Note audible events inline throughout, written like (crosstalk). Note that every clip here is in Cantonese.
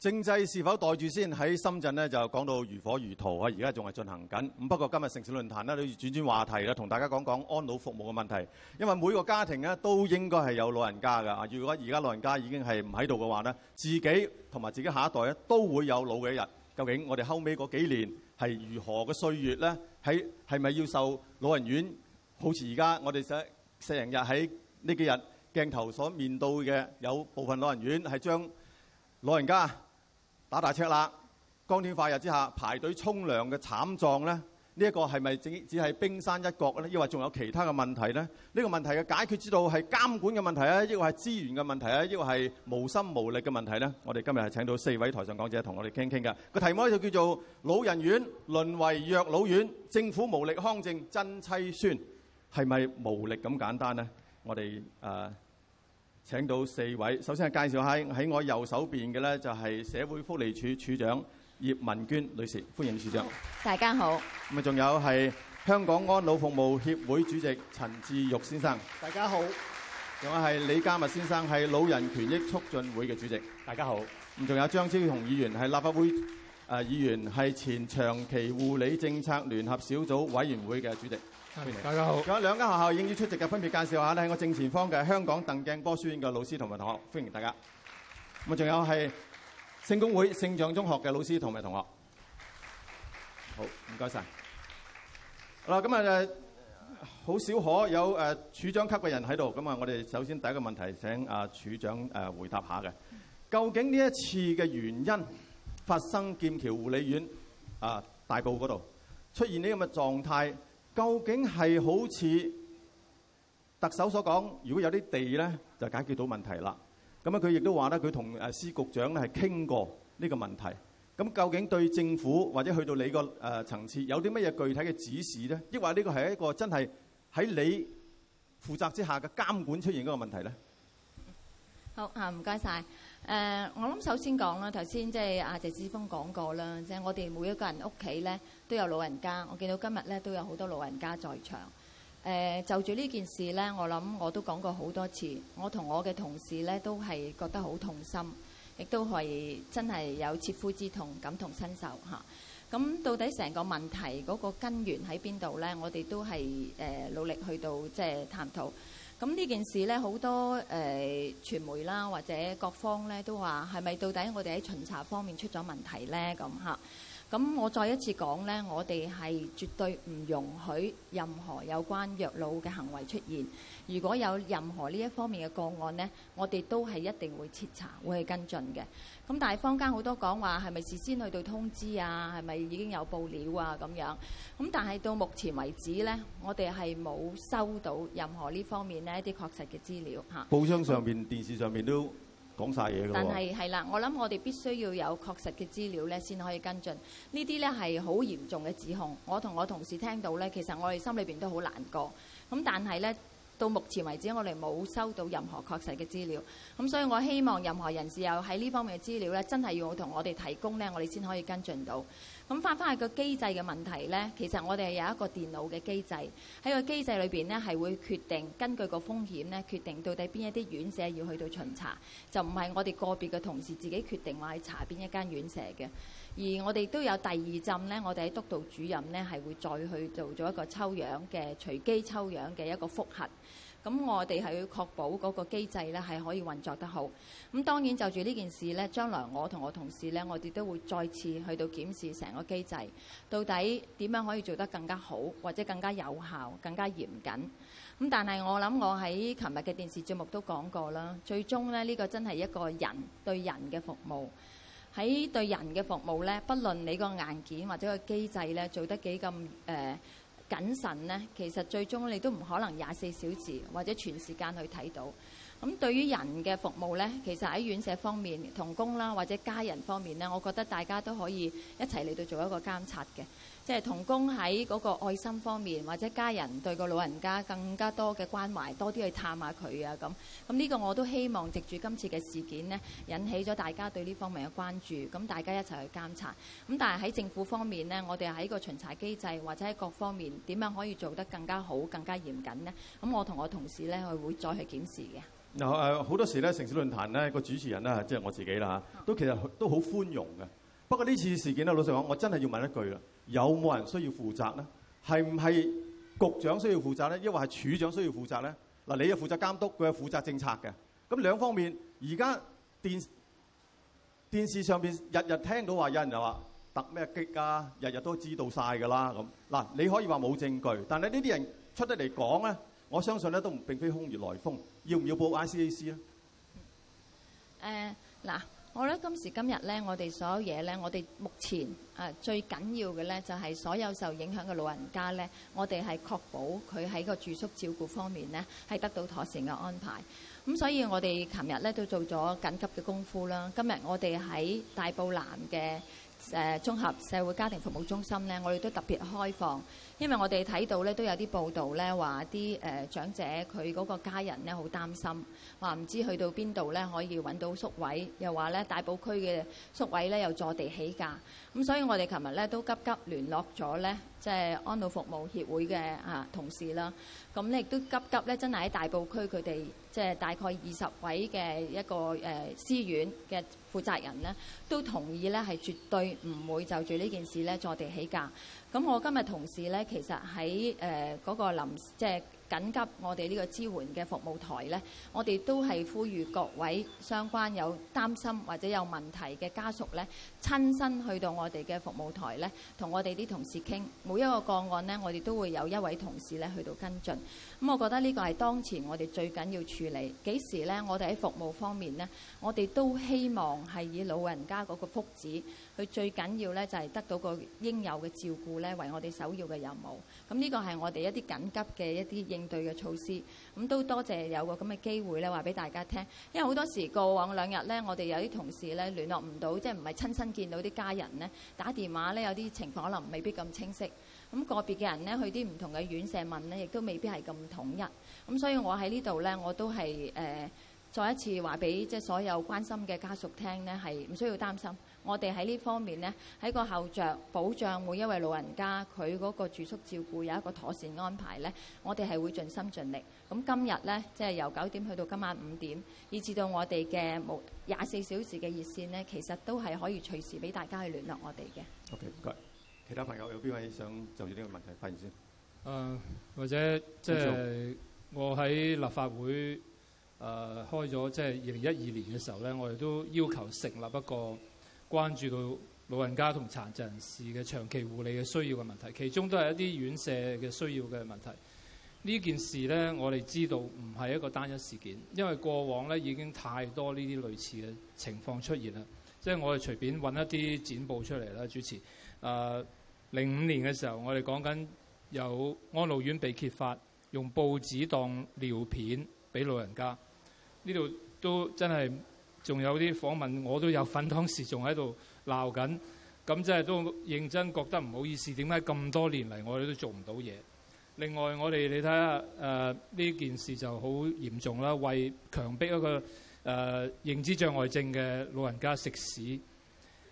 政制是否袋住先？喺深圳咧就講到如火如荼啊！而家仲係進行緊。咁不過今日城市論壇咧，都要轉轉話題啦，同大家講講安老服務嘅問題，因為每個家庭咧都應該係有老人家㗎。啊，如果而家老人家已經係唔喺度嘅話咧，自己同埋自己下一代咧都會有老嘅一日。究竟我哋後尾嗰幾年係如何嘅歲月咧？喺係咪要受老人院？好似而家我哋成成日喺呢幾日鏡頭所面對嘅有部分老人院係將老人家，打大赤啦！光天化日之下排隊沖涼嘅慘狀咧，呢一個係咪只只係冰山一角咧？抑或仲有其他嘅問題咧？呢個問題嘅解決之道係監管嘅問題啊，抑或係資源嘅問題啊，抑或係無心無力嘅問題咧？我哋今日係請到四位台上講者同我哋傾傾㗎，個題目咧，就叫做《老人院淪為虐老院》，政府無力匡正真悽酸，係咪無力咁簡單咧？我哋誒。請到四位，首先係介紹下喺我右手邊嘅呢，就係社會福利署署長葉文娟女士，歡迎處長。大家好。咁仲有係香港安老服務協會主席陳志育先生，大家好。仲有係李嘉密先生，係老人權益促進會嘅主席，大家好。咁仲有張超雄議員，係立法會誒議員，係前長期護理政策聯合小組委員會嘅主席。大家好，仲有兩間學校應邀出席嘅，分別介紹下咧。喺我正前方嘅香港鄧鏡波書院嘅老師同埋同學，歡迎大家。咁啊， (laughs) 仲有係聖公會聖象中學嘅老師同埋同學。好，唔該晒。好，今日誒好少可有誒處長級嘅人喺度。咁啊，我哋首先第一個問題請阿處長誒回答下嘅。究竟呢一次嘅原因，發生劍橋護理院啊大埔嗰度出現呢咁嘅狀態？究竟係好似特首所講，如果有啲地咧，就解決到問題啦。咁樣佢亦都話咧，佢同誒司局長咧係傾過呢個問題。咁究竟對政府或者去到你個誒層次有啲乜嘢具體嘅指示咧？抑或呢個係一個真係喺你負責之下嘅監管出現嗰個問題咧？好啊，唔該晒。誒、呃，我諗首先講啦，頭先即係阿謝志峰講過啦，即係我哋每一個人屋企咧都有老人家，我見到今日咧都有好多老人家在場。誒、呃，就住呢件事咧，我諗我都講過好多次，我同我嘅同事咧都係覺得好痛心，亦都係真係有切膚之痛，感同身受嚇。咁、啊、到底成個問題嗰、那個根源喺邊度咧？我哋都係誒努力去到即係探討。就是咁呢件事咧，好多誒傳媒啦，或者各方咧，都話，係咪到底我哋喺巡查方面出咗問題咧？咁吓。咁我再一次講呢，我哋係絕對唔容許任何有關虐老嘅行為出現。如果有任何呢一方面嘅個案呢，我哋都係一定會徹查，會去跟進嘅。咁但係坊間好多講話係咪事先去到通知啊？係咪已經有報料啊？咁樣，咁但係到目前為止呢，我哋係冇收到任何呢方面呢一啲確實嘅資料嚇。報章上面、那電視上面都，講曬嘢嘅喎，但係係啦，我諗我哋必須要有確實嘅資料咧，先可以跟進。這些呢啲咧係好嚴重嘅指控。我同我同事聽到咧，其實我哋心裏邊都好難過。咁但係咧，到目前為止，我哋冇收到任何確實嘅資料。咁所以我希望任何人士有喺呢方面嘅資料咧，真係要同我哋提供咧，我哋先可以跟進到。咁翻翻去個機制嘅問題呢，其實我哋係有一個電腦嘅機制，喺個機制裏面呢，係會決定根據個風險呢，決定到底邊一啲院舍要去到巡查，就唔係我哋個別嘅同事自己決定話去查邊一間院舍嘅。而我哋都有第二陣呢，我哋喺督導主任呢，係會再去做咗一個抽樣嘅隨機抽樣嘅一個複核。咁我哋係要確保嗰個機制咧係可以運作得好。咁當然就住呢件事呢，將來我同我同事呢，我哋都會再次去到檢視成個機制，到底點樣可以做得更加好，或者更加有效、更加嚴謹。咁但係我諗我喺琴日嘅電視節目都講過啦，最終呢，呢、呢個真係一個人對人嘅服務，喺對人嘅服務呢，不論你個硬件或者個機制呢，做得幾咁誒，呃謹慎呢，其實最終你都唔可能廿四小時或者全時間去睇到。咁對於人嘅服務呢，其實喺院舍方面、同工啦或者家人方面呢，我覺得大家都可以一齊嚟到做一個監察嘅。即係同工喺嗰個愛心方面，或者家人對個老人家更加多嘅關懷，多啲去探下佢啊！咁咁呢個我都希望，藉住今次嘅事件呢，引起咗大家對呢方面嘅關注。咁大家一齊去監察。咁但係喺政府方面呢，我哋喺個巡查機制或者喺各方面點樣可以做得更加好、更加嚴謹呢？咁我同我同事咧，佢會再去檢視嘅。嗱誒，好多時咧，城市論壇呢個主持人咧，即係我自己啦嚇，嗯、都其實都好寬容嘅。不過呢次事件呢，老實講，我真係要問一句啦。有冇人需要負責咧？係唔係局長需要負責咧？抑或係處長需要負責咧？嗱，你係負責監督，佢係負責政策嘅。咁兩方面，而家電電視上邊日日聽到話有人就話突咩激啊，日日都知道曬㗎啦。咁嗱，你可以話冇證據，但係呢啲人出得嚟講咧，我相信咧都並非空穴來風。要唔要報 ICAC 咧？誒嗱。我覺得今時今日咧，我哋所有嘢咧，我哋目前啊最緊要嘅咧，就係所有受影響嘅老人家咧，我哋係確保佢喺個住宿照顧方面咧，係得到妥善嘅安排。咁所以我哋琴日咧都做咗緊急嘅功夫啦。今日我哋喺大埔南嘅誒綜合社會家庭服務中心咧，我哋都特別開放。因為我哋睇到咧都有啲報道咧，話啲誒長者佢嗰個家人咧好擔心，話唔知去到邊度咧可以揾到宿位，又話咧大埔區嘅宿位咧又坐地起價。咁所以我哋琴日咧都急急聯絡咗咧，即係安老服務協會嘅啊同事啦。咁亦都急急咧，真係喺大埔區佢哋即係大概二十位嘅一個誒私院嘅負責人咧，都同意咧係絕對唔會就住呢件事咧坐地起價。咁我今日同事咧，其實喺誒嗰個林，即係。緊急我哋呢個支援嘅服務台呢，我哋都係呼籲各位相關有擔心或者有問題嘅家屬呢，親身去到我哋嘅服務台呢，同我哋啲同事傾。每一個個案呢，我哋都會有一位同事呢，去到跟進。咁我覺得呢個係當前我哋最緊要處理。幾時呢？我哋喺服務方面呢，我哋都希望係以老人家嗰個福祉，佢最緊要呢，就係得到個應有嘅照顧呢為我哋首要嘅任務。咁呢個係我哋一啲緊急嘅一啲應應對嘅措施，咁都多謝有個咁嘅機會咧，話俾大家聽。因為好多時過往兩日咧，我哋有啲同事咧聯絡唔到，即係唔係親身見到啲家人咧，打電話咧有啲情況可能未必咁清晰。咁個別嘅人咧去啲唔同嘅院舍問咧，亦都未必係咁統一。咁所以我喺呢度咧，我都係誒、呃、再一次話俾即係所有關心嘅家屬聽咧，係唔需要擔心。我哋喺呢方面呢，喺個後着保障每一位老人家佢嗰個住宿照顧有一個妥善安排呢，我哋係會盡心盡力。咁今日呢，即係由九點去到今晚五點，以至到我哋嘅無廿四小時嘅熱線呢，其實都係可以隨時俾大家去聯絡我哋嘅。O.K. 唔該，其他朋友有邊位想就住呢個問題發言先？誒，uh, 或者即係像我喺立法會誒、uh, 開咗即係二零一二年嘅時候呢，我哋都要求成立一個。關注到老人家同殘疾人士嘅長期護理嘅需要嘅問題，其中都係一啲院舍嘅需要嘅問題。呢件事呢，我哋知道唔係一個單一事件，因為過往呢已經太多呢啲類似嘅情況出現啦。即係我哋隨便揾一啲剪報出嚟啦，主持。誒、呃，零五年嘅時候，我哋講緊有安老院被揭發用報紙當尿片俾老人家，呢度都真係。仲有啲訪問，我都有份。當時仲喺度鬧緊，咁即係都認真覺得唔好意思。點解咁多年嚟我哋都做唔到嘢？另外我哋你睇下誒呢件事就好嚴重啦，為強迫一個誒、呃、認知障礙症嘅老人家食屎，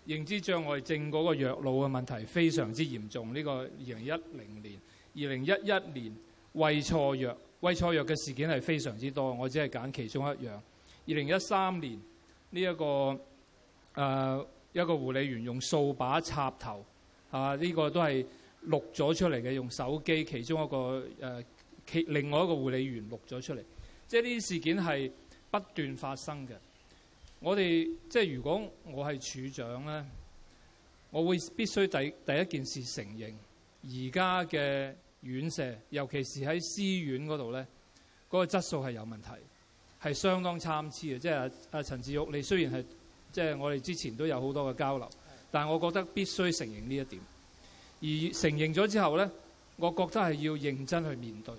認知障礙症嗰個藥腦嘅問題非常之嚴重。呢、呢個二零一零年、二零一一年餵錯藥，餵錯藥嘅事件係非常之多。我只係揀其中一樣，二零一三年。呢、這個呃、一個誒一個護理員用掃把插頭啊，呢、這個都係錄咗出嚟嘅，用手機其中一個誒、呃、其另外一個護理員錄咗出嚟，即係呢啲事件係不斷發生嘅。我哋即係如果我係署長咧，我會必須第第一件事承認而家嘅院舍，尤其是喺私院度咧，嗰個質素係有問題。係相當參差嘅，即係阿陳陳志育，你雖然係即係我哋之前都有好多嘅交流，但係我覺得必須承認呢一點。而承認咗之後呢，我覺得係要認真去面對，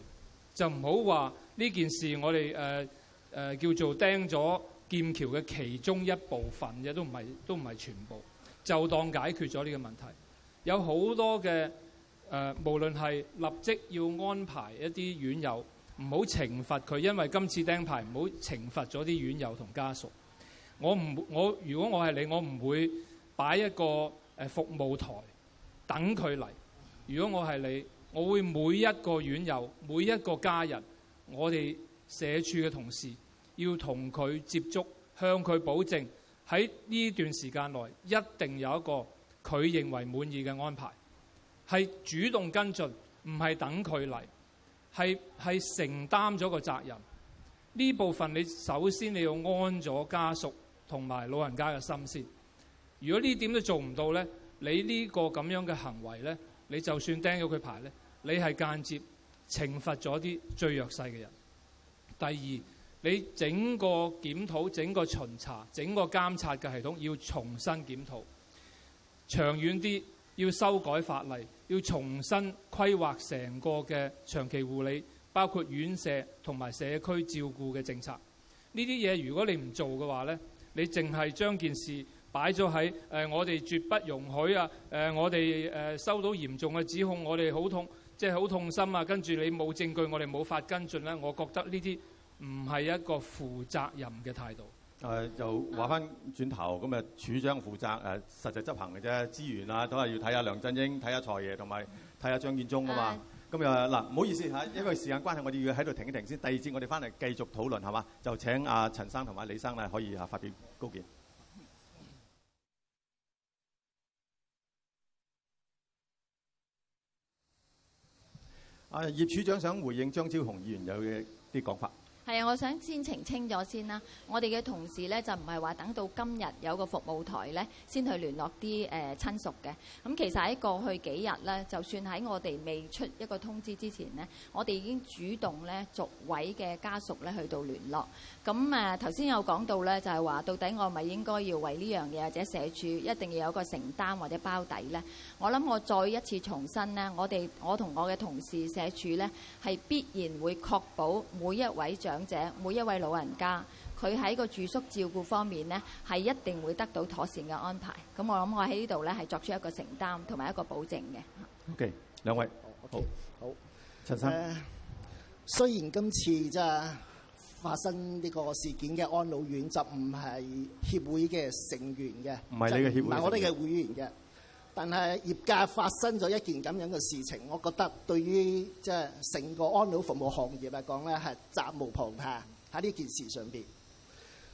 就唔好話呢件事我哋、呃呃、叫做釘咗劍橋嘅其中一部分亦都唔係，都唔係全部，就當解決咗呢個問題。有好多嘅、呃、無論係立即要安排一啲院友。唔好懲罰佢，因為今次釘牌唔好懲罰咗啲院友同家屬。我唔我如果我係你，我唔會擺一個誒服務台等佢嚟。如果我係你，我會每一個院友、每一個家人，我哋社署嘅同事要同佢接觸，向佢保證喺呢段時間內一定有一個佢認為滿意嘅安排，係主動跟進，唔係等佢嚟。係係承擔咗個責任，呢部分你首先你要安咗家屬同埋老人家嘅心先。如果呢點都做唔到呢，你呢個咁樣嘅行為呢，你就算釘咗佢牌呢，你係間接懲罰咗啲最弱勢嘅人。第二，你整個檢討、整個巡查、整個監察嘅系統要重新檢討，長遠啲要修改法例。要重新規劃成個嘅長期護理，包括院舍同埋社區照顧嘅政策。呢啲嘢，如果你唔做嘅話呢，你淨係將件事擺咗喺誒，我哋絕不容許啊！誒、呃，我哋誒、呃、收到嚴重嘅指控，我哋好痛，即係好痛心啊！跟住你冇證據，我哋冇法跟進咧。我覺得呢啲唔係一個負責任嘅態度。誒、呃、就話翻轉頭咁誒，處長負責誒、呃、實際執行嘅啫，資源啊都係要睇下梁振英，睇下財爺，同埋睇下張建忠噶嘛。咁又嗱，唔、呃、好意思嚇，因為時間關係，我哋要喺度停一停先。第二節我哋翻嚟繼續討論，係嘛？就請阿陳生同埋李生咧，可以啊發表高見。阿、 (laughs) 啊、葉處長想回應張超雄議員有嘅啲講法。係啊，我想先澄清咗先啦。我哋嘅同事咧就唔係話等到今日有個服務台咧先去聯絡啲誒、呃、親屬嘅。咁、嗯、其實喺過去幾日咧，就算喺我哋未出一個通知之前咧，我哋已經主動咧逐位嘅家屬咧去到聯絡，咁誒頭先有講到咧，就係、是、話到底我係咪應該要為呢樣嘢或者社署一定要有個承擔或者包底咧？我諗我再一次重申咧，我哋我同我嘅同事社署咧係必然會確保每一位兩者每一位老人家，佢喺個住宿照顧方面咧，係一定會得到妥善嘅安排。咁我諗我喺呢度咧，係作出一個承擔同埋一個保證嘅。OK，兩位，好，好，陳生。雖然今次即係發生呢個事件嘅安老院就唔係協會嘅成員嘅，唔係你嘅協會，唔係我哋嘅會員嘅。但係業界發生咗一件咁樣嘅事情，我覺得對於即係成個安老服務行業嚟講咧，係責無旁貸喺呢件事上邊。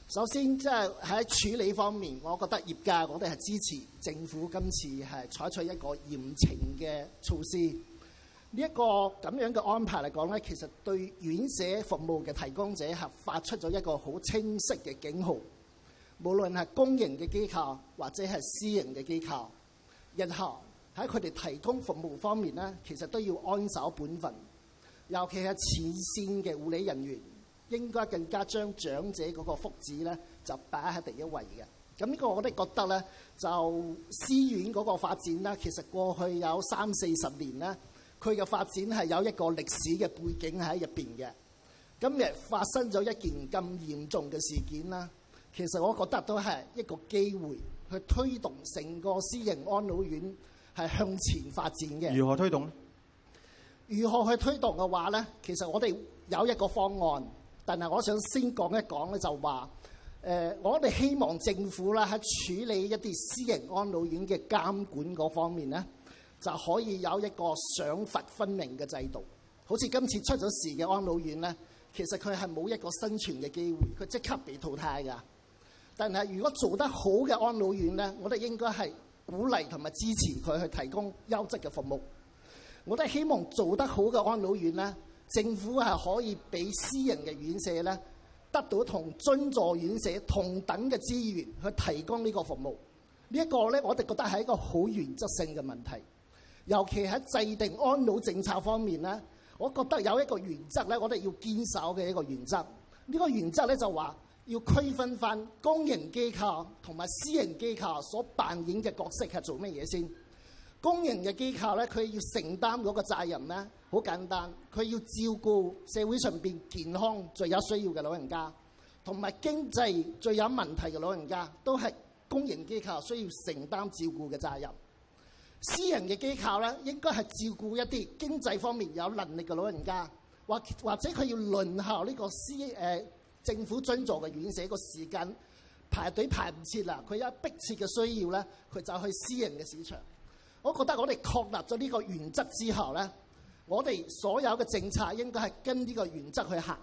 首先，即係喺處理方面，我覺得業界我哋係支持政府今次係採取一個嚴懲嘅措施。呢、這、一個咁樣嘅安排嚟講咧，其實對院舍服務嘅提供者係發出咗一個好清晰嘅警號。無論係公營嘅機構或者係私營嘅機構。日後喺佢哋提供服務方面咧，其實都要安守本分，尤其係前線嘅護理人員應該更加將長者嗰個福祉咧就擺喺第一位嘅。咁呢個我哋覺得咧，就私院嗰個發展啦，其實過去有三四十年啦，佢嘅發展係有一個歷史嘅背景喺入邊嘅。今日發生咗一件咁嚴重嘅事件啦，其實我覺得都係一個機會。去推動成個私營安老院係向前發展嘅。如何推動呢？如何去推動嘅話呢？其實我哋有一個方案，但係我想先講一講呢就話、呃、我哋希望政府咧喺處理一啲私營安老院嘅監管嗰方面呢，就可以有一個賞罰分明嘅制度。好似今次出咗事嘅安老院呢，其實佢係冇一個生存嘅機會，佢即刻被淘汰㗎。但係，如果做得好嘅安老院呢，我哋應該係鼓勵同埋支持佢去提供優質嘅服務。我都希望做得好嘅安老院呢，政府係可以俾私人嘅院舍呢得到同津助院舍同等嘅資源去提供呢個服務。呢、這、一個呢，我哋覺得係一個好原則性嘅問題。尤其喺制定安老政策方面呢，我覺得有一個原則呢，我哋要堅守嘅一個原則。呢、這個原則呢，就話。要區分翻公營機構同埋私營機構所扮演嘅角色係做乜嘢先？公營嘅機構咧，佢要承擔嗰個責任咧，好簡單，佢要照顧社會上邊健康最有需要嘅老人家，同埋經濟最有問題嘅老人家，都係公營機構需要承擔照顧嘅責任。私人嘅機構咧，應該係照顧一啲經濟方面有能力嘅老人家，或或者佢要輪候呢個私誒。呃政府資助嘅院舍個時間排隊排唔切啦，佢有迫切嘅需要咧，佢就去私營嘅市場。我覺得我哋確立咗呢個原則之後咧，我哋所有嘅政策應該係跟呢個原則去行。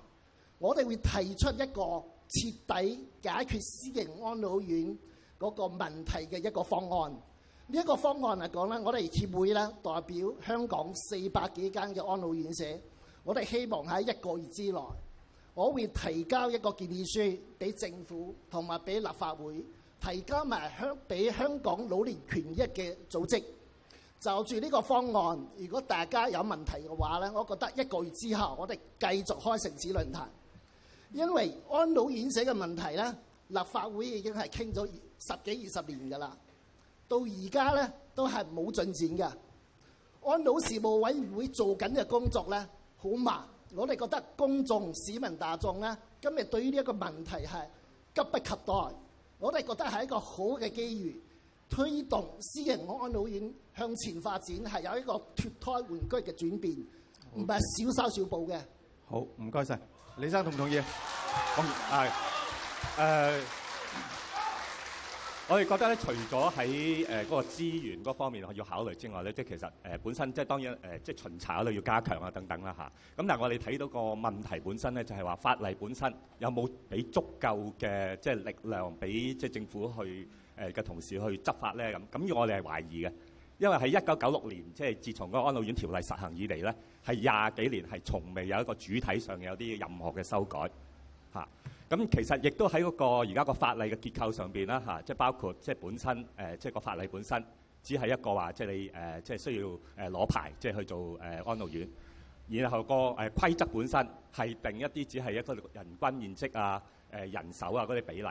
我哋會提出一個徹底解決私營安老院嗰個問題嘅一個方案。呢一個方案嚟講咧，我哋協會咧代表香港四百幾間嘅安老院舍，我哋希望喺一個月之內。我會提交一個建議書俾政府同埋俾立法會，提交埋香俾香港老年權益嘅組織。就住呢個方案，如果大家有問題嘅話咧，我覺得一個月之後我哋繼續開城市論壇。因為安老院舍嘅問題咧，立法會已經係傾咗十幾二十年㗎啦，到而家咧都係冇進展㗎。安老事務委員會做緊嘅工作咧，好慢。我哋覺得公眾市民大眾咧，今日對於呢一個問題係急不及待，我哋覺得係一個好嘅機遇，推動私人安老院向前發展，係有一個脫胎換骨嘅轉變，唔係小修小補嘅。好，唔該晒。李生同唔同意？係，誒。我哋覺得咧，除咗喺誒嗰個資源嗰方面要考慮之外咧，即係其實誒本身即係當然誒，即係巡查嗰類要加強啊等等啦吓。咁但係我哋睇到個問題本身咧，就係話法例本身有冇俾足夠嘅即係力量俾即係政府去誒嘅同事去執法咧咁。咁我哋係懷疑嘅，因為喺一九九六年即係自從個安老院條例實行以嚟咧，係廿幾年係從未有一個主體上有啲任何嘅修改嚇。咁其實亦都喺嗰個而家個法例嘅結構上邊啦，嚇，即係包括即係本身誒，即係個法例本身只係一個話，即係你誒，即係需要誒攞牌，即係去做誒安老院。然後個誒規則本身係定一啲，只係一個人均面積啊、誒人手啊嗰啲比例。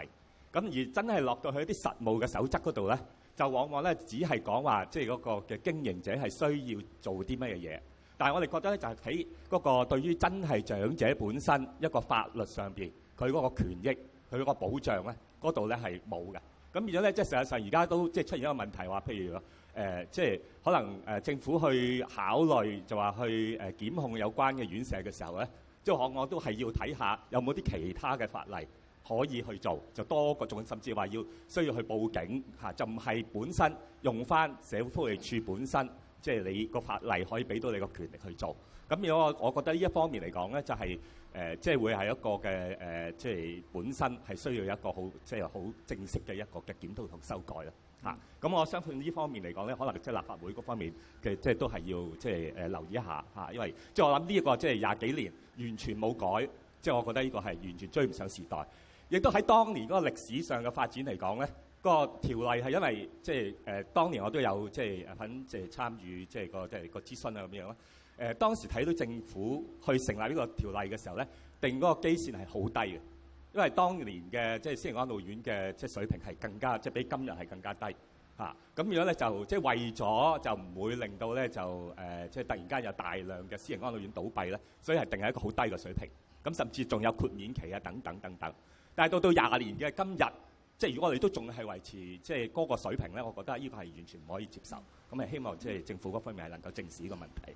咁而真係落到去啲實務嘅守則嗰度咧，就往往咧只係講話，即係嗰個嘅經營者係需要做啲乜嘢嘢。但係我哋覺得咧，就係喺嗰個對於真係長者本身一個法律上邊。佢嗰個權益，佢嗰個保障咧，嗰度咧係冇嘅。咁變咗咧，即係實際上而家都即係出現一個問題，話譬如誒、呃，即係可能誒、呃、政府去考慮就話去誒檢控有關嘅院舍嘅時候咧，即係我我都係要睇下有冇啲其他嘅法例可以去做，就多個種，甚至話要需要去報警嚇、啊，就唔係本身用翻社會福利署本身，即係你個法例可以俾到你個權力去做。咁如果我我覺得呢一方面嚟講咧，就係。誒、呃，即係會係一個嘅誒、呃，即係本身係需要一個好，即係好正式嘅一個嘅檢討同修改咯嚇。咁、嗯啊、我相信呢方面嚟講咧，可能即係立法會嗰方面嘅，即係都係要即係誒、呃、留意一下嚇、啊，因為即係我諗呢一個即係廿幾年完全冇改，即係我覺得呢個係完全追唔上時代。亦都喺當年嗰個歷史上嘅發展嚟講咧，嗰、那個條例係因為即係誒、呃，當年我都有即係肯即係參與即係、那個即係個諮詢啊咁樣。誒當時睇到政府去成立呢個條例嘅時候咧，定嗰個基線係好低嘅，因為當年嘅即係私營安老院嘅即係水平係更加即係比今日係更加低嚇。咁如果咧就即係為咗就唔會令到咧就誒、呃、即係突然間有大量嘅私營安老院倒閉咧，所以係定係一個好低嘅水平。咁甚至仲有豁免期啊等等等等。但係到到廿年嘅今日，即係如果我哋都仲係維持即係嗰個水平咧，我覺得呢個係完全唔可以接受。咁係希望即係政府嗰方面係能夠正視呢個問題。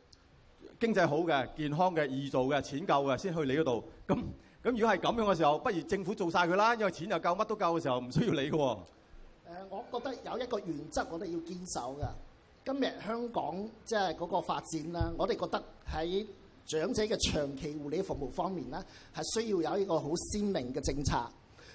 經濟好嘅、健康嘅、易做嘅、錢夠嘅先去你嗰度。咁咁如果係咁樣嘅時候，不如政府做晒佢啦，因為錢又夠，乜都夠嘅時候，唔需要你嘅、哦。誒、呃，我覺得有一個原則，我哋要堅守㗎。今日香港即係嗰個發展啦，我哋覺得喺長者嘅長期護理服務方面咧，係需要有一個好鮮明嘅政策。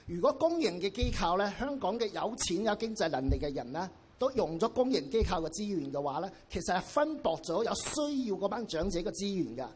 如果公營嘅機構咧，香港嘅有錢有經濟能力嘅人咧，都用咗公營機構嘅資源嘅話呢，其實係分薄咗有需要嗰班長者嘅資源嘅，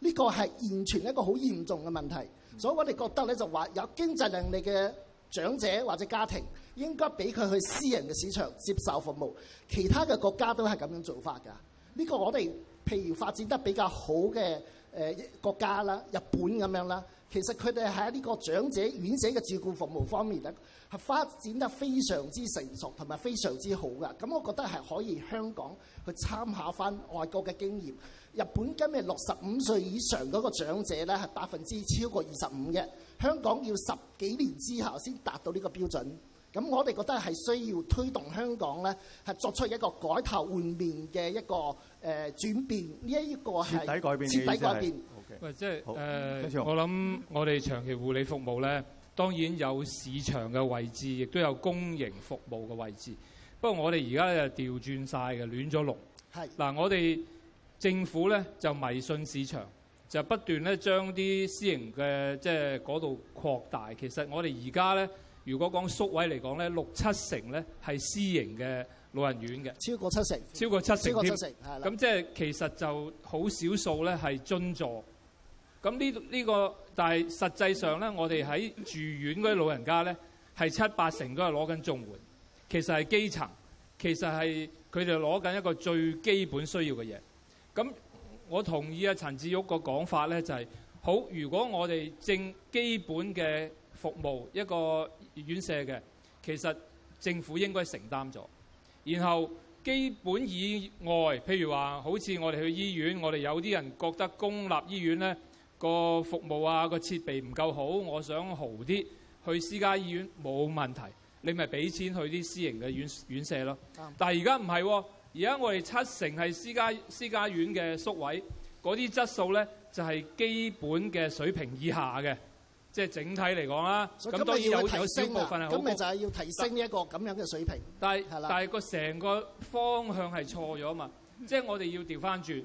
呢個係完全一個好嚴重嘅問題。所以我哋覺得呢就話有經濟能力嘅長者或者家庭，應該俾佢去私人嘅市場接受服務。其他嘅國家都係咁樣做法㗎。呢個我哋譬如發展得比較好嘅。誒國家啦，日本咁樣啦，其實佢哋喺呢個長者院舍嘅照顧服務方面咧，係發展得非常之成熟同埋非常之好㗎。咁我覺得係可以香港去參考返外國嘅經驗。日本今日六十五歲以上嗰個長者咧係百分之超過二十五嘅，香港要十幾年之後先達到呢個標準。咁我哋覺得係需要推動香港咧，係作出一個改頭換面嘅一個。誒、呃、轉變呢一、這個係徹底改變，徹底改變。喂、呃，即係誒，我諗我哋長期護理服務咧，當然有市場嘅位置，亦都有公營服務嘅位置。不過我哋而家就調轉晒嘅，亂咗龍。係嗱是，我哋政府咧就迷信市場，就不斷咧將啲私營嘅即係嗰度擴大。其實我哋而家咧，如果講宿、來講宿位嚟講咧，六七成咧係私營嘅。老人院嘅超過七成，超過七成，超過七成，超過七成係啦。咁即係其實就好少數咧，係津助咁呢，呢、呢個但係實際上咧，我哋喺住院嗰啲老人家咧係七八成都係攞緊綜援，其實係基層，其實係佢哋攞緊一個最基本需要嘅嘢。咁我同意啊，陳志育個講法咧就係、係、好。如果我哋正基本嘅服務一個院舍嘅，其實政府應該承擔咗。然後基本以外，譬如話，好似我哋去醫院，我哋有啲人覺得公立醫院咧個服務啊個設備唔夠好，我想豪啲去私家醫院，冇問題，你咪俾錢去啲私營嘅院院舍咯。但係而家唔係喎，而家我哋七成係私家私家院嘅宿位，嗰啲質素咧就係、是、基本嘅水平以下嘅。即係整體嚟講啦，咁都、啊、當然有有少部分係好高，咁咪就係要提升一個咁樣嘅水平。但係，係啦但係個成個方向係錯咗啊嘛！即、就、係、係、我哋要調翻轉，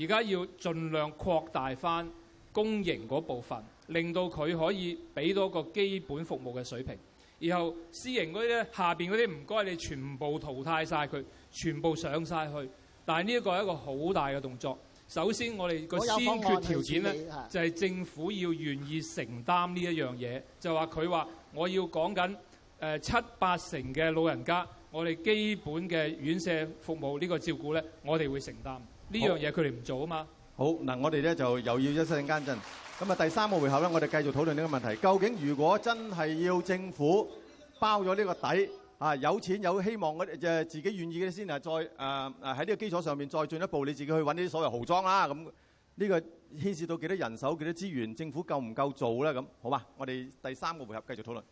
而家要盡量擴大翻公營嗰部分，令到佢可以俾到一個基本服務嘅水平。然後私營嗰啲咧，下邊嗰啲唔該，你全部淘汰晒佢，全部上晒去。但係呢一個係一個好大嘅動作。首先，我哋個先決條件呢，就係政府要願意承擔呢一樣嘢，就話佢話：我要講緊七八成嘅老人家，我哋基本嘅院舍服務呢個照顧呢，我哋會承擔呢樣嘢。佢哋唔做啊嘛。好。好，嗱，我哋就又要一陣間陣。咁第三個回合呢，我哋繼續討論呢個問題。究竟如果真係要政府包咗呢個底？啊！有錢有希望嗰隻自己願意嘅先啊，再誒誒喺呢個基礎上面再進一步，你自己去揾呢啲所謂豪裝啦咁。呢個牽涉到幾多人手、幾多資源，政府夠唔夠做咧？咁好嘛，我哋第三個回合繼續討論。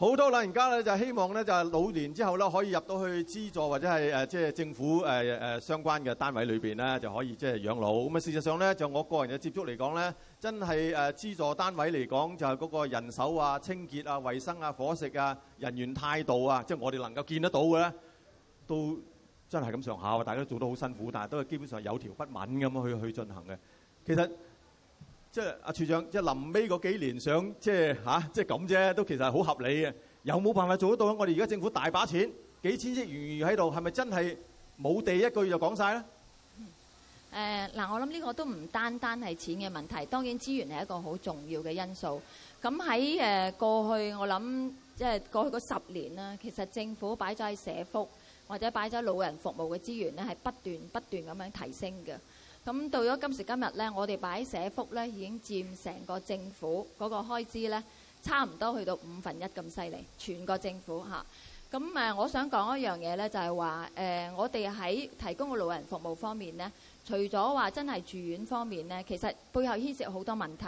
好多老人家咧就希望咧就係老年之後咧可以入到去資助或者係誒即係政府誒誒相關嘅單位裏邊咧就可以即係養老。咁啊事實上咧就我個人嘅接觸嚟講咧，真係誒資助單位嚟講就係嗰個人手啊、清潔啊、衞生啊、伙食啊、人員態度啊，即係我哋能夠見得到嘅咧，都真係咁上下。大家都做得好辛苦，但係都係基本上有條不紊咁樣去去進行嘅。其實。即係阿處長，即係臨尾嗰幾年上，即係吓，即係咁啫，都其實係好合理嘅。有冇辦法做得到咧？我哋而家政府大把錢，幾千億元喺度，係咪真係冇地一句就講晒咧？誒嗱，我諗呢個都唔單單係錢嘅問題，當然資源係一個好重要嘅因素。咁喺誒過去，我諗即係過去嗰十年啦，其實政府擺咗喺社福或者擺咗老人服務嘅資源咧，係不斷不斷咁樣提升嘅。咁到咗今時今日呢，我哋擺社福呢已經佔成個政府嗰個開支呢，差唔多去到五分一咁犀利，全個政府吓，咁，誒，我想講一樣嘢呢，就係話，呃，我哋喺提供嘅老人服務方面呢，除咗話真係住院方面呢，其實背後牽涉好多問題。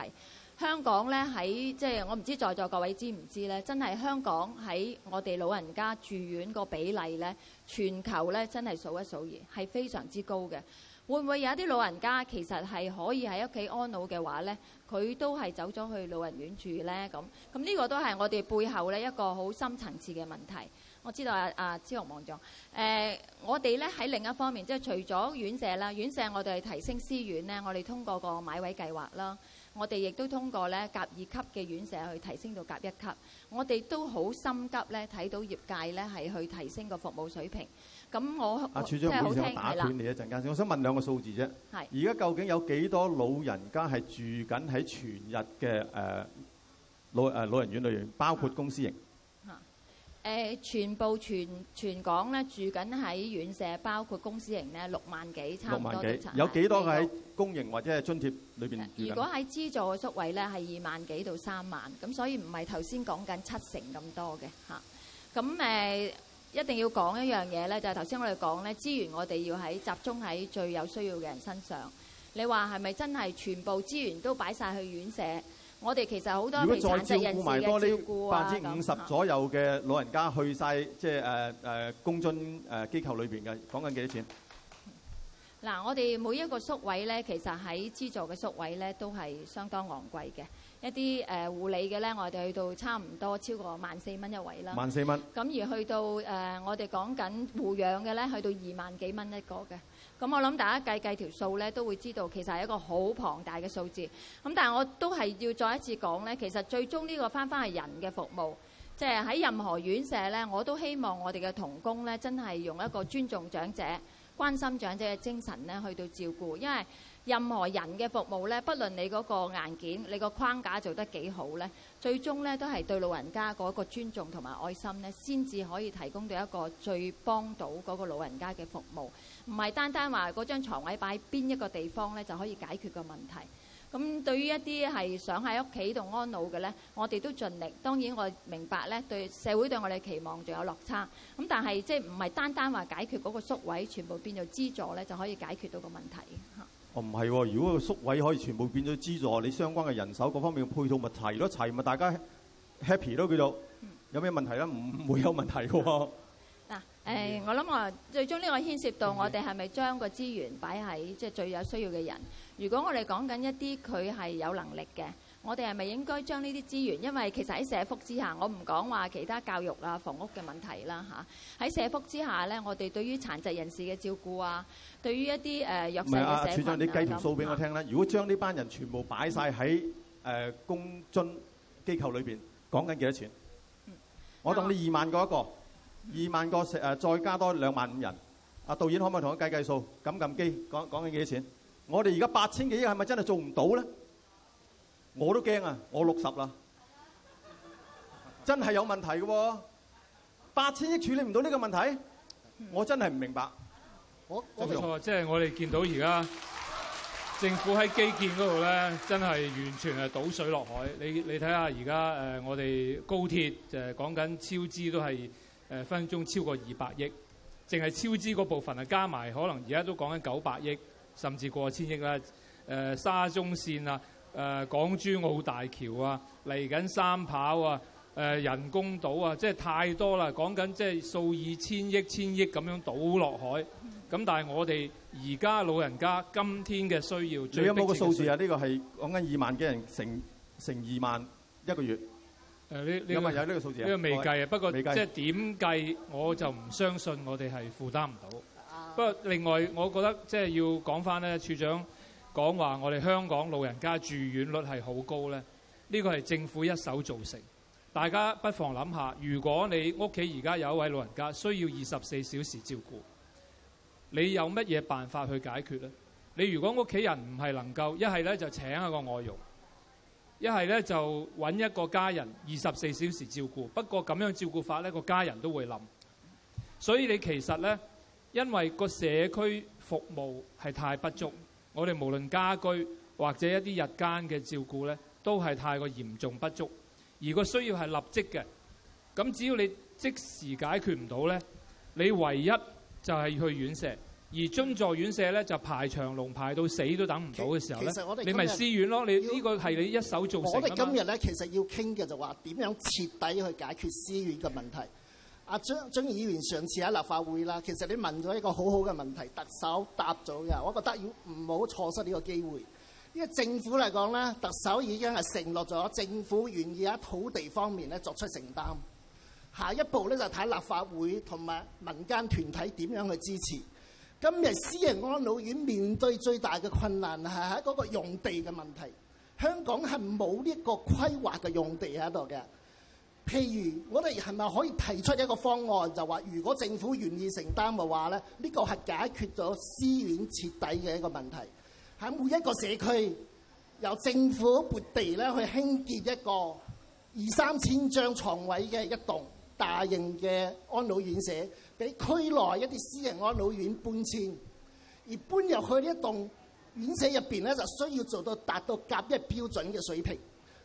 香港呢，喺即係我唔知在座各位知唔知呢，真係香港喺我哋老人家住院個比例呢，全球呢，真係數一數二，係非常之高嘅。會唔會有一啲老人家其實係可以喺屋企安老嘅話呢，佢都係走咗去老人院住呢？咁咁呢個都係我哋背後呢一個好深層次嘅問題。我知道啊啊，超雄望咗，誒、呃，我哋呢喺另一方面，即係除咗院舍啦，院舍我哋係提升私院呢。我哋通過個買位計劃啦，我哋亦都通過呢甲二級嘅院舍去提升到甲一級。我哋都好心急呢，睇到業界呢係去提升個服務水平。咁我阿處長，唔好意思，我打斷你一陣間先。我想問兩個數字啫。係。而家究竟有幾多老人家係住緊喺全日嘅誒老誒老人院裏邊，包括公私營？嚇誒，全部全全港咧住緊喺院舍，包括公私營咧，六萬幾差唔多都齊。有幾多喺公營或者係津貼裏邊住緊？如果喺資助嘅宿位咧，係二萬幾到三萬，咁所以唔係頭先講緊七成咁多嘅嚇。咁誒。一定要講一樣嘢咧，就係頭先我哋講咧，資源我哋要喺集中喺最有需要嘅人身上。你話係咪真係全部資源都擺曬去院舍？我哋其實好多譬如殘疾人士嘅照顧啊咁。如果再照顧埋多呢百分之五十左右嘅老人家去曬，即係誒誒公津誒機構裏邊嘅，講緊幾多錢？嗱，我哋每一個宿位咧，其實喺資助嘅宿位咧，都係相當昂貴嘅。一啲誒護理嘅咧，我哋去到差唔多超過萬四蚊一位啦。萬四蚊。咁而去到誒，我哋講緊護養嘅咧，去到二萬幾蚊一個嘅。咁我諗大家計計條數咧，都會知道其實係一個好龐大嘅數字。咁但係我都係要再一次講咧，其實最終呢個返返係人嘅服務，即係喺任何院舍咧，我都希望我哋嘅同工咧，真係用一個尊重長者、關心長者嘅精神咧，去到照顧，因為，任何人嘅服務呢，不論你嗰個硬件、你個框架做得幾好呢，最終呢都係對老人家嗰個尊重同埋愛心呢，先至可以提供到一個最幫到嗰個老人家嘅服務。唔係單單話嗰張牀位擺邊一個地方呢就可以解決個問題。咁對於一啲係想喺屋企度安老嘅呢，我哋都盡力。當然我明白呢對社會對我哋期望仲有落差。咁但係即係唔係單單話解決嗰個宿位，全部變做資助呢，就可以解決到個問題。我唔係喎，如果個宿位可以全部變咗資助，你相關嘅人手各方面嘅配套咪齊咯，齊咪大家 happy 咯，叫做有咩問題咧？唔唔會有問題嘅喎。嗱、嗯，誒、 (laughs) 欸，我諗我最終呢個牽涉到我哋係咪將個資源擺喺、嗯、即係最有需要嘅人？如果我哋講緊一啲佢係有能力嘅。我哋係咪應該將呢啲資源？因為其實喺社福之下，我唔講話其他教育啊、房屋嘅問題啦嚇。喺社福之下咧，我哋對於殘疾人士嘅照顧啊，對於一啲呃弱勢嘅社羣啊唔係啊，處長，你計條數俾我聽啦。啊、如果將呢班人全部擺晒喺、嗯呃、公津機構裏面，講緊幾多錢？嗯、我當你二萬個一個，嗯、二萬個再加多兩萬五人。啊導演可唔可以同我計計數？撳撳機，講講緊幾多錢？我哋而家八千幾億係咪真係做唔到咧？我都驚啊！我六十啦，真係有問題嘅喎。八千億處理唔到呢個問題，我真係唔明白。我我唔錯，即係我哋見到而家政府喺基建嗰度咧，真係完全係倒水落海。你你睇下而家誒，我哋高鐵就係講緊超支都係誒分分鐘超過二百億，淨係超支嗰部分係加埋，可能而家都講緊九百億，甚至過千億啦。誒，沙中線啊！誒、呃、港珠澳大橋啊，嚟緊三跑啊，誒、呃、人工島啊，即係太多啦。講緊即係數以千億、千億咁樣倒落海。咁但係我哋而家老人家今天嘅需要，最有冇個數字啊？呢個係講緊二萬幾人乘，成成二萬一個月。誒呢呢有呢個數字啊？呢個未計啊，哦、不過未計即係點計，我就唔相信我哋係負擔唔到。嗯、不過另外，我覺得即係要講翻咧，署長。講話我哋香港老人家住院率係好高呢，呢個係政府一手造成。大家不妨諗下，如果你屋企而家有一位老人家需要二十四小時照顧，你有乜嘢辦法去解決呢？你如果屋企人唔係能夠，一係咧就請一個外傭，一係咧就揾一個家人二十四小時照顧。不過咁樣照顧法呢，個家人都會冧。所以你其實呢，因為個社區服務係太不足。我哋無論家居或者一啲日間嘅照顧咧，都係太過嚴重不足。如果需要係立即嘅，咁只要你即時解決唔到咧，你唯一就係去院舍，而資助院舍咧就排長龍排到死都等唔到嘅時候咧，你咪私院咯？你呢要 個係你一手造成啊嘛！我哋今日咧其實要傾嘅就話點樣徹底去解決私院嘅問題。阿張張議員上次喺立法會啦，其實你問咗一個好好嘅問題，特首答咗嘅，我覺得要唔好錯失呢個機會。因為政府嚟講咧，特首已經係承諾咗，政府願意喺土地方面咧作出承擔。下一步咧就睇立法會同埋民間團體點樣去支持。今日私人安老院面對最大嘅困難係喺嗰個用地嘅問題，香港係冇呢個規劃嘅用地喺度嘅。譬如我哋係咪可以提出一個方案，就話如果政府願意承擔嘅話咧，呢個係解決咗私院徹底嘅一個問題，喺每一個社區由政府撥地咧去興建一個二三千張床位嘅一棟大型嘅安老院舍，俾區內一啲私人安老院搬遷，而搬入去呢一棟院舍入邊咧，就需要做到達到甲一標準嘅水平。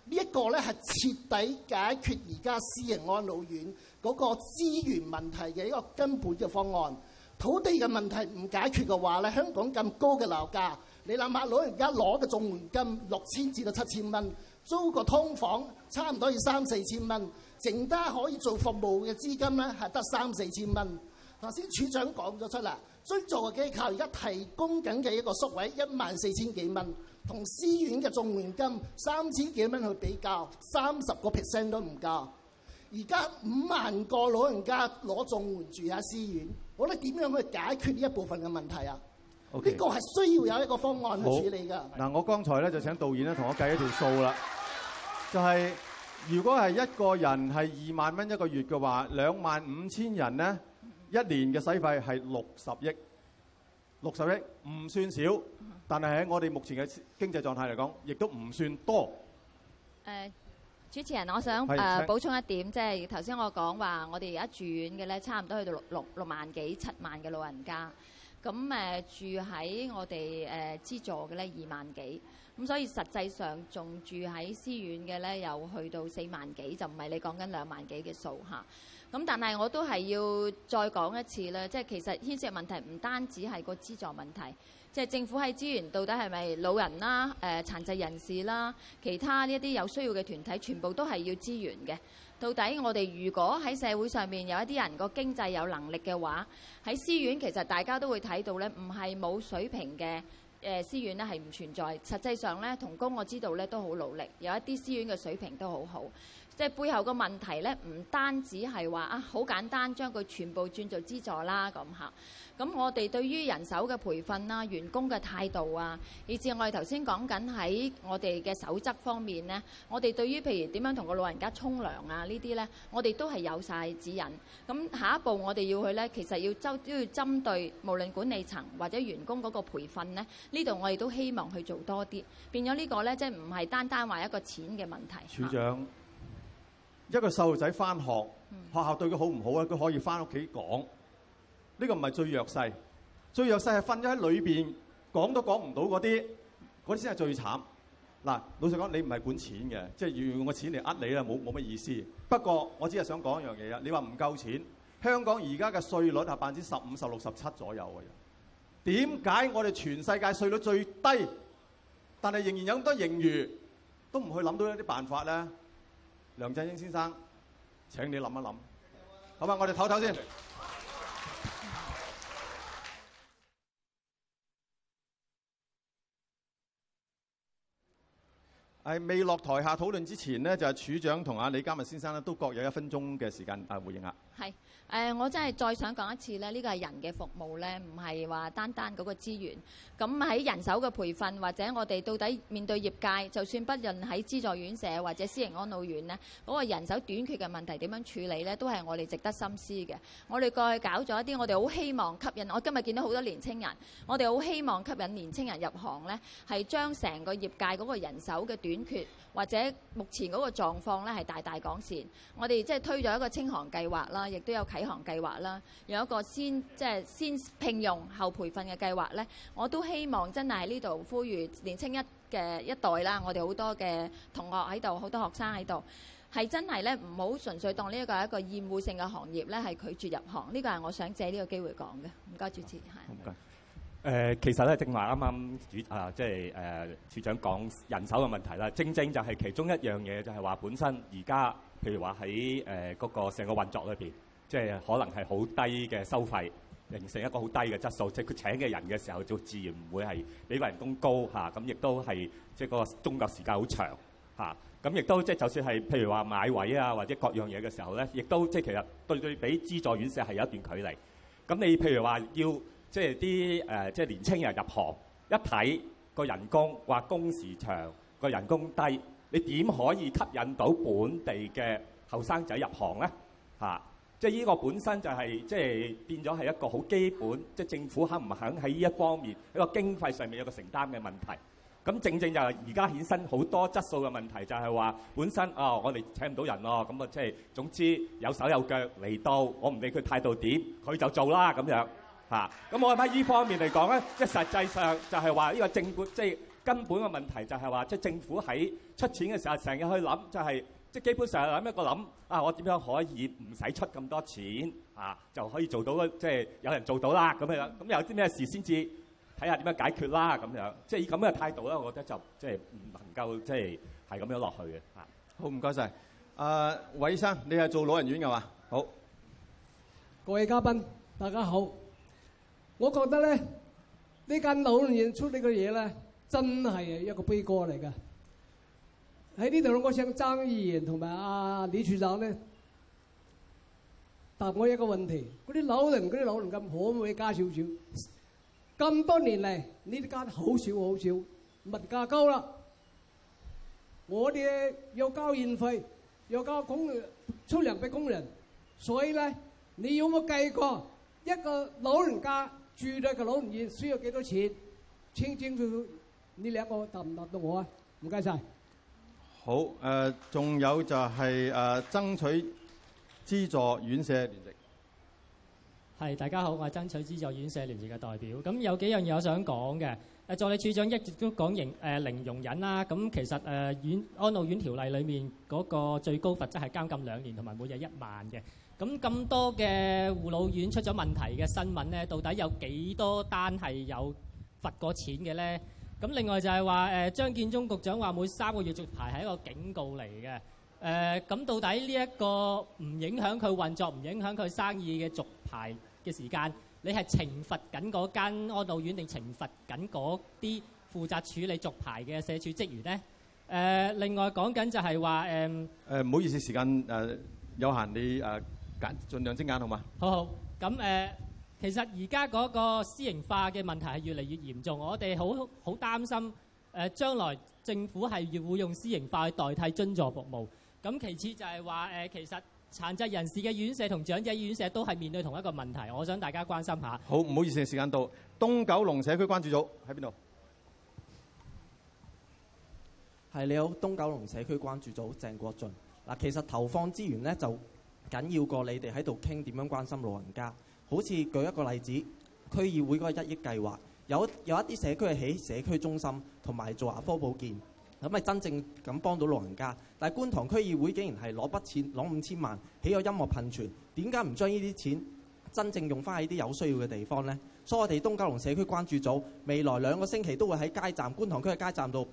呢一個咧係徹底解決而家私營安老院嗰個資源問題嘅一個根本嘅方案。土地嘅問題唔解決嘅話咧，香港咁高嘅樓價，你諗下老人家攞嘅綜援金六千至到七千蚊，租個劏房差唔多要三四千蚊，剩低可以做服務嘅資金咧係得三四千蚊。頭先處長講咗出嚟。所以做嘅機構而家提供緊嘅一個宿位一萬四千幾蚊，同私院嘅綜援金三千幾蚊去比較，三十個 percent 都唔夠。而家五萬個老人家攞綜援住下私院，我覺得點樣去解決呢一部分嘅問題啊？呢 Okay. 個係需要有一個方案去處理㗎。嗱、嗯，我剛才咧就請導演咧同我計一條數啦， (laughs) 就係、是、如果係一個人係二萬蚊一個月嘅話，兩萬五千人咧。一年嘅使費係六十億，六十億唔算少，但係喺我哋目前嘅經濟狀態嚟講，亦都唔算多。誒、呃，主持人，我想誒、呃、補充一點，即係頭先我講話，我哋而家住院嘅咧，差唔多去到六六六萬幾七萬嘅老人家，咁誒、呃、住喺我哋誒、呃、資助嘅咧二萬幾，咁所以實際上仲住喺私院嘅咧有去到四萬幾，就唔係你講緊兩萬幾嘅數嚇。咁但係我都係要再講一次咧，即係其實牽涉問題唔單止係個資助問題，即係政府係資源到底係咪老人啦、誒、呃、殘疾人士啦、其他呢一啲有需要嘅團體，全部都係要資源嘅。到底我哋如果喺社會上面有一啲人個經濟有能力嘅話，喺私院其實大家都會睇到咧，唔係冇水平嘅誒、呃、私院呢係唔存在。實際上咧，同工我知道咧都好努力，有一啲私院嘅水平都好好。即係背後個問題咧，唔單止係話啊，好簡單，將佢全部轉做資助啦咁嚇。咁我哋對於人手嘅培訓啦、啊、員工嘅態度啊，以至我哋頭先講緊喺我哋嘅守則方面咧，我哋對於譬如點樣同個老人家沖涼啊呢啲咧，我哋都係有晒指引。咁下一步我哋要去咧，其實要周都要針對無論管理層或者員工嗰個培訓咧，呢度我哋都希望去做多啲，變咗呢個咧，即係唔係單單話一個錢嘅問題。署長。一個細路仔翻學，學校對佢好唔好啊？佢可以翻屋企講，呢個唔係最弱勢，最弱勢係瞓咗喺裏面，講都講唔到嗰啲，嗰啲先係最慘。嗱，老實講，你唔係管錢嘅，即係要用個錢嚟呃你咧，冇冇乜意思。不過我只係想講一樣嘢啊，你話唔夠錢，香港而家嘅稅率係百分之十五、十六、十七左右嘅，點解我哋全世界稅率最低，但係仍然有咁多盈餘，都唔去諗到一啲辦法咧？梁振英先生，請你諗一諗。好嘛？我哋唞唞先。係未落台下討論之前呢就係處長同阿李家文先生都各有一分鐘嘅時間啊，回應啊。係。誒，我真係再想講一次咧，呢個係人嘅服務咧，唔係話單單嗰個資源。咁喺人手嘅培訓，或者我哋到底面對業界，就算不論喺資助院舍，或者私營安老院呢，嗰個人手短缺嘅問題點樣處理呢，都係我哋值得深思嘅。我哋過去搞咗一啲，我哋好希望吸引。我今日見到好多年青人，我哋好希望吸引年青人入行呢，係將成個業界嗰個人手嘅短缺或者目前嗰個狀況咧，係大大改善。我哋即係推咗一個清航計劃啦，亦都有啟航計劃啦，有一個先即係先聘用後培訓嘅計劃咧。我都希望真係喺呢度呼籲年青一嘅一代啦，我哋好多嘅同學喺度，好多學生喺度，係真係咧，唔好純粹當呢一個係一個厭惡性嘅行業咧，係拒絕入行。呢個係我想借呢個機會講嘅。唔該，主持。係。唔該。誒，其實咧，正話啱啱主啊，即係誒處長講人手嘅問題啦，正正就係其中一樣嘢，就係話本身而家譬如話喺誒嗰個成個運作裏邊。即係可能係好低嘅收費，形成一個好低嘅質素。即係佢請嘅人嘅時候，就自然唔會係畀人工高嚇，咁、啊、亦都係即係個工作時間好長嚇。咁、啊、亦都即係就算係譬如話買位啊，或者各樣嘢嘅時候咧，亦都即係其實對對比資助院舍係有一段距離。咁你譬如話要即係啲誒即係年輕人入行一睇個人工話工時長個人工低，你點可以吸引到本地嘅後生仔入行咧嚇？啊即係呢個本身就係即係變咗係一個好基本，即係政府肯唔肯喺呢一方面一個經費上面有個承擔嘅問題。咁正正就係而家衍生好多質素嘅問題，就係話本身啊，我哋請唔到人咯，咁啊即係總之有手有腳嚟到，我唔理佢態度點，佢就做啦咁樣嚇。咁我喺呢方面嚟講咧，即係實際上就係話呢個政府即係根本嘅問題就係話，即係政府喺出錢嘅時候成日去諗就係。即係基本上係諗一個諗，啊我點樣可以唔使出咁多錢啊就可以做到咧？即係有人做到啦咁樣。咁有啲咩事先至睇下點樣解決啦？咁樣即係以咁嘅態度咧，我覺得就即係唔能夠即係係咁樣落去嘅。啊，好唔該曬。誒，韋生，你係做老人院嘅嘛？好，各位嘉賓，大家好。我覺得咧，呢間老人院出呢個嘢咧，真係一個悲歌嚟嘅。喺呢度，我想張議員同埋阿李處長咧，答我一個問題：嗰啲老人，嗰啲老人咁可唔可以加少少？咁多年嚟，呢啲間好少好少，物價高啦。我哋要交現費，要交工出糧俾工人，所以咧，你有冇計過一個老人家住呢個老人院需要幾多錢？清清楚楚。你兩個答唔答到我啊？唔該晒。好，誒，仲有就係誒爭取資助院舍聯席。係，大家好，我係爭取資助院舍聯席嘅代表。咁有幾樣嘢我想講嘅。誒助理處長一直都講容誒零容忍啦。咁其實誒院安老院條例裡面嗰個最高罰則係監禁兩年同埋每日一萬嘅。咁咁多嘅護老院出咗問題嘅新聞咧，到底有幾多單係有罰過錢嘅咧？咁另外就係話誒張建宗局長話每三個月續牌係一個警告嚟嘅，誒咁到底呢一個唔影響佢運作、唔影響佢生意嘅續牌嘅時間，你係懲罰緊嗰間安老院定懲罰緊嗰啲負責處理續牌嘅社署職員呢？誒另外講緊就係話誒誒唔好意思時間誒有限，你誒揀儘量精簡好嘛？好好，咁誒。其實而家嗰個私營化嘅問題係越嚟越嚴重，我哋好好擔心誒、呃，將來政府係會用私營化去代替津助服務。咁其次就係話誒，其實殘疾人士嘅院舍同長者的院舍都係面對同一個問題，我想大家關心一下。好唔好意思，時間到，東九龍社區關注組喺邊度？係，你好，東九龍社區關注組鄭國俊。嗱，其實投放資源咧就緊要過你哋喺度傾點樣關心老人家。好似舉一個例子，區議會嗰個一億計劃，有，有一啲社區係喺社區中心同埋做牙科保健，咁咪真正咁幫到老人家。但係觀塘區議會竟然係攞筆錢攞五千萬起個音樂噴泉，點解唔將呢啲錢真正用返喺啲有需要嘅地方呢？所以我哋東九龍社區關注組未來兩個星期都會喺街站觀塘區嘅街站度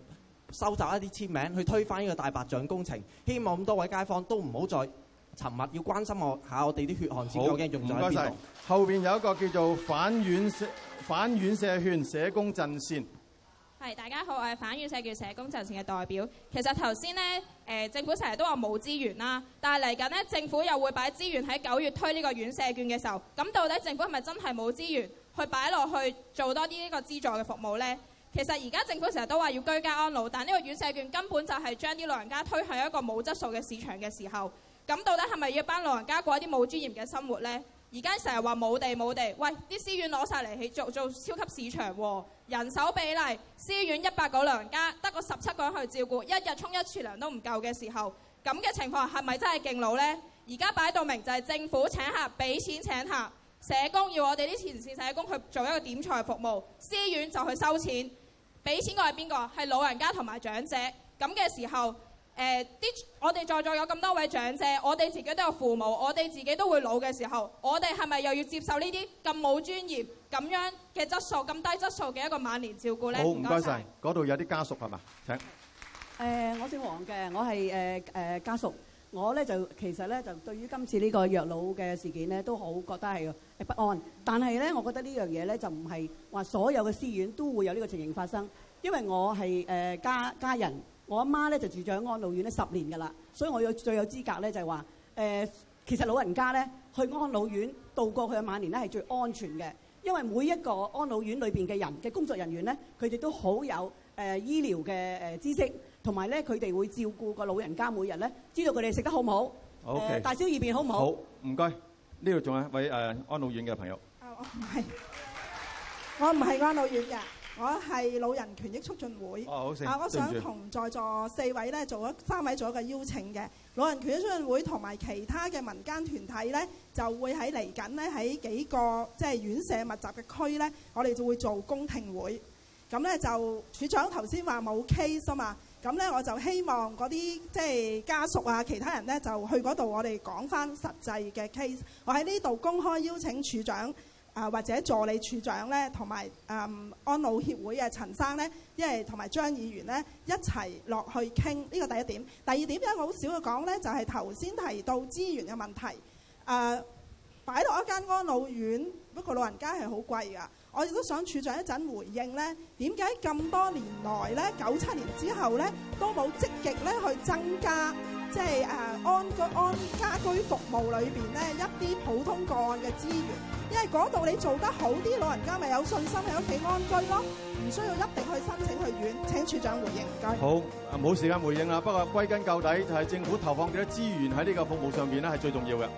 收集一啲簽名去推翻呢個大白象工程，希望咁多位街坊都唔好再。尋物要關心我，下我哋啲血汗錢究竟用咗邊度？後邊有一個叫做反院舍反院舍券社工陣線，係大家好，我係反院舍券社工陣線嘅代表。其實頭先呢，誒、呃、政府成日都話冇資源啦，但係嚟緊呢，政府又會擺資源喺九月推呢個院舍券嘅時候，咁到底政府係咪真係冇資源去擺落去做多啲呢個資助嘅服務呢？其實而家政府成日都話要居家安老，但呢個院舍券根本就係將啲老人家推向一個冇質素嘅市場嘅時候。咁到底係咪要班老人家過一啲冇尊嚴嘅生活呢？而家成日話冇地冇地，喂啲私院攞晒嚟做做超級市場，人手比例私院一百個老人家得個十七個人去照顧，一日沖一次涼都唔夠嘅時候，咁嘅情況係咪真係勁老呢？而家擺到明就係政府請客，俾錢請客，社工要我哋啲前線社工去做一個點菜服務，私院就去收錢，俾錢個係邊個？係老人家同埋長者，咁嘅時候。誒啲、呃、我哋在座有咁多位長者，我哋自己都有父母，我哋自己都會老嘅時候，我哋係咪又要接受呢啲咁冇專業、咁樣嘅質素、咁低質素嘅一個晚年照顧咧？好，唔該晒。嗰度有啲家屬係嘛？請誒、呃，我姓黃嘅，我係誒誒家屬，我咧就其實咧就對於今次呢個虐老嘅事件咧，都好覺得係不安。但係咧，我覺得這件事呢樣嘢咧就唔係話所有嘅私院都會有呢個情形發生，因為我係誒、呃、家家人。我阿媽咧就住咗喺安老院咧十年㗎啦，所以我有最有資格咧就係話，誒、呃、其實老人家咧去安老院度過佢嘅晚年咧係最安全嘅，因為每一個安老院裏邊嘅人嘅工作人員咧，佢哋都好有誒、呃、醫療嘅誒知識，同埋咧佢哋會照顧個老人家每日咧，知道佢哋食得好唔好，誒 Okay.、呃、大小二便好唔好？好，唔該，呢度仲有一位誒安老院嘅朋友。Oh, 我唔係，我唔係安老院嘅。我係老人權益促進會，啊，啊，我想同在座四位咧做咗三位做一個邀請嘅老人權益促進會同埋其他嘅民間團體咧，就會喺嚟緊咧喺幾個即係院舍密集嘅區咧，我哋就會做公聽會。咁咧就處長頭先話冇 case 啊嘛，咁咧我就希望嗰啲即係家屬啊其他人咧就去嗰度，我哋講返實際嘅 case。我喺呢度公開邀請處長。啊，或者助理處長咧，同埋嗯安老協會嘅陳生咧，因為同埋張議員咧一齊落去傾呢個第一點。第二點咧，我好少嘅講咧，就係頭先提到資源嘅問題。誒、呃，擺落一間安老院，不過老人家係好貴㗎。我亦都想處長一陣回應咧，點解咁多年來咧，九七年之後咧都冇積極咧去增加？即係誒安居安家居服務裏邊咧，一啲普通個案嘅資源，因為嗰度你做得好啲，老人家咪有信心喺屋企安居咯，唔需要一定去申請去院。請處長回應唔該。好，冇時間回應啦。不過歸根究底，就係政府投放幾多資源喺呢個服務上邊咧，係最重要嘅。